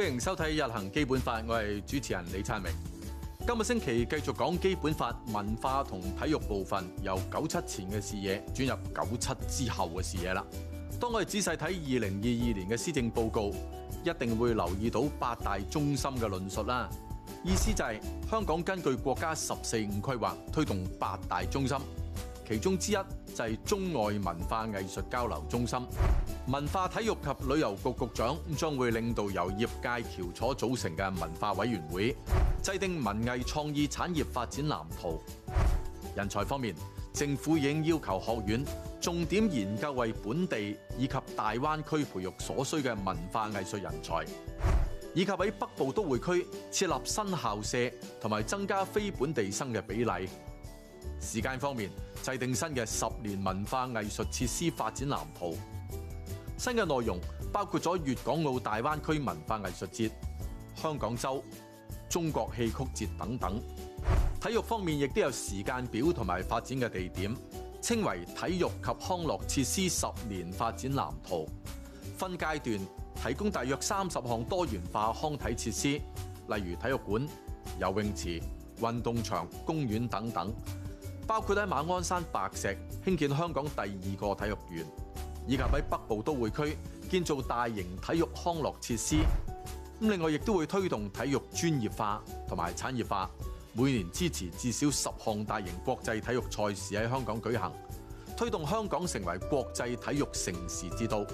歡迎收睇《日行基本法》，我係主持人李燦明。今日星期繼續講基本法文化同體育部分，由九七前嘅視野轉入九七之後嘅視野啦。當我哋仔細睇二零二二年嘅施政報告，一定會留意到八大中心嘅論述啦。意思就係香港根據國家十四五規劃推動八大中心。其中之一就係中外文化藝術交流中心，文化體育及旅遊局局長將會領導由業界翹楚組成嘅文化委員會制定文藝創意產業發展藍圖。人才方面，政府已經要求學院重點研究為本地以及大灣區培育所需嘅文化藝術人才，以及喺北部都會區設立新校舍同埋增加非本地生嘅比例。時間方面，制定新嘅十年文化藝術設施發展藍圖，新嘅內容包括咗粵港澳大灣區文化藝術節、香港周、中國戲曲節等等。體育方面亦都有時間表同埋發展嘅地點，稱為體育及康樂設施十年發展藍圖，分階段提供大約三十項多元化康體設施，例如體育館、游泳池、運動場、公園等等。包括喺馬鞍山白石興建香港第二個體育園，以及喺北部都會區建造大型體育康樂設施。另外亦都會推動體育專業化同埋產業化，每年支持至少十項大型國際體育賽事喺香港舉行，推動香港成為國際體育城市之都。